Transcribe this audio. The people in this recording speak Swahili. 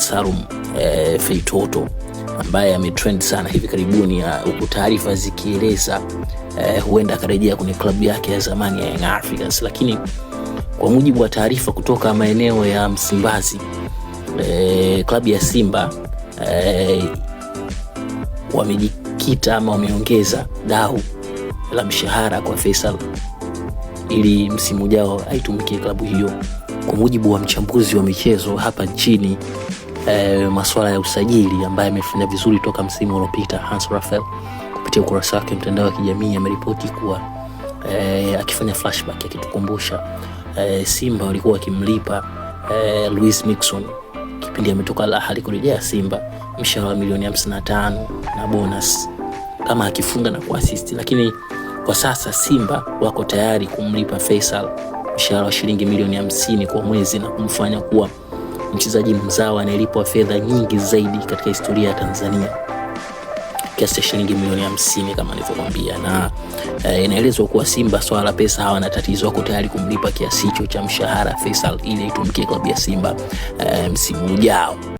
Salum e, eh, Feitoto ambaye ametrend sana hivi karibuni, huku taarifa zikieleza e, huenda akarejea kwenye klabu yake ya zamani ya Young Africans, lakini kwa mujibu wa taarifa kutoka maeneo ya Msimbazi e, klabu ya Simba e, wamejikita ama wameongeza dau la mshahara kwa Faisal ili msimu ujao aitumikie klabu hiyo. Kwa mujibu wa mchambuzi wa michezo hapa nchini eh, masuala ya usajili ambaye amefanya vizuri toka msimu uliopita. Hans Rafael kupitia ukurasa wake mtandao wa kijamii ameripoti kuwa eh, akifanya flashback akitukumbusha eh, Simba walikuwa wakimlipa eh, Luis Mixon kipindi ametoka Al Ahly kurejea Simba mshahara wa milioni 55 na bonus kama akifunga na kuassist, lakini kwa sasa Simba wako tayari kumlipa Faisal mshahara wa shilingi milioni 50 kwa mwezi na kumfanya kuwa mchezaji mzawa anayelipwa fedha nyingi zaidi katika historia ya Tanzania kiasi cha shilingi milioni hamsini kama nilivyokwambia, na uh, inaelezwa kuwa Simba swala la pesa hawana tatizo, wako tayari kumlipa kiasi hicho cha mshahara Faisal ili itumikie klabu ya Simba uh, msimu ujao.